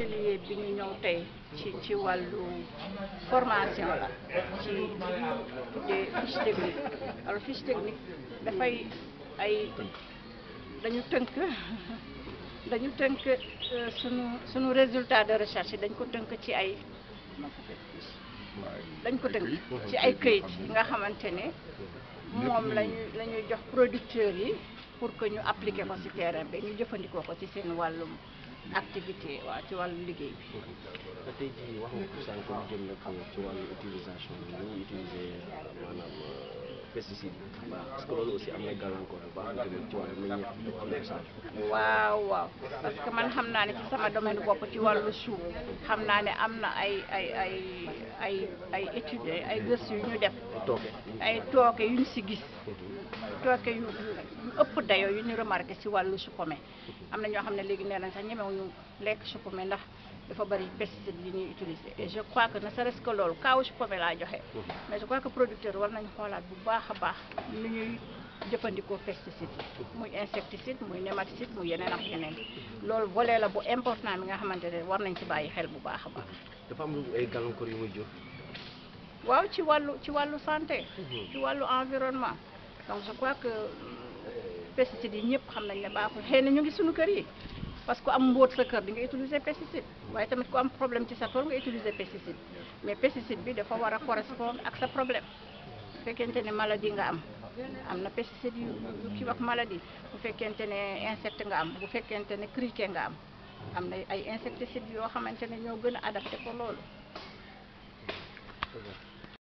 atelier bi ñu ñëw tey ci wàllu formation la ci li ñu tuddee fiche technique dafay ay dañu tënk dañu tënk euh, suñu sunu résultat de recherche dañ ko tënk ci ay dañ ko tënk ci ay këyit yi nga xamante ne moom lañu la ñuy jox producteurs yi pour que ñu appliquer ko ci terrain bi ñu jëfandikoo ko ci seen wàllum activité waaw ci wàllu liggéey bi. tey jii wax nga ko sànq lu jëm nag ci wàllu utilisation bi ñu utiliser maanaam euh, pesticide bi. waaw parce que loolu aussi am na gàllankoor bu baax nga jëm ci wàllu meññeef bi waaw waaw parce que man xam naa ne ci sama domaine bopp ci wàllu suuf xam naa ne am na ay ay ay ay ay études ay gëstu yu ñu def. ay tooke yu ñu si gis. Mhm. tooke yu ëpp dayo yu ñu remarqué si wàllu chocomel am na ñoo xam ne léegi nee nañ sax ñemewuñu lekk chocomel ndax dafa bari pesticide yi ñuy utiliser et je crois que na serait-ce que loolu kaawu chocomel laa joxe mais je crois que producteur war nañ xoolaat bu baax a baax nu ñuy jëfandikoo pesticide muy insecticide muy nématicide muy yeneen ak yeneen loolu volet la bu important bi nga xamante ne war nañ ci bàyyi xel bu baax a baax dafa am ay gàllankoor yu muy jur waaw ci wàllu ci wàllu santé mhm. ci wàllu environnement donc pesticides yi ñëpp xam nañ ne baaxul xëy na ñu ngi suñu kër yi parce que am mbóot sa kër di nga utiliser pesticide waaye tamit ku am problème ci sa tool nga utiliser pesticide mais pesticide bi dafa war a correspondre ak sa problème bu fekkente ne maladie nga am am na pesticide yu ci wax maladie bu fekkente ne insecte nga am bu fekkente ne criquet nga am am na ay insecticide yoo xamante ne ñoo gën a adapté ko loolu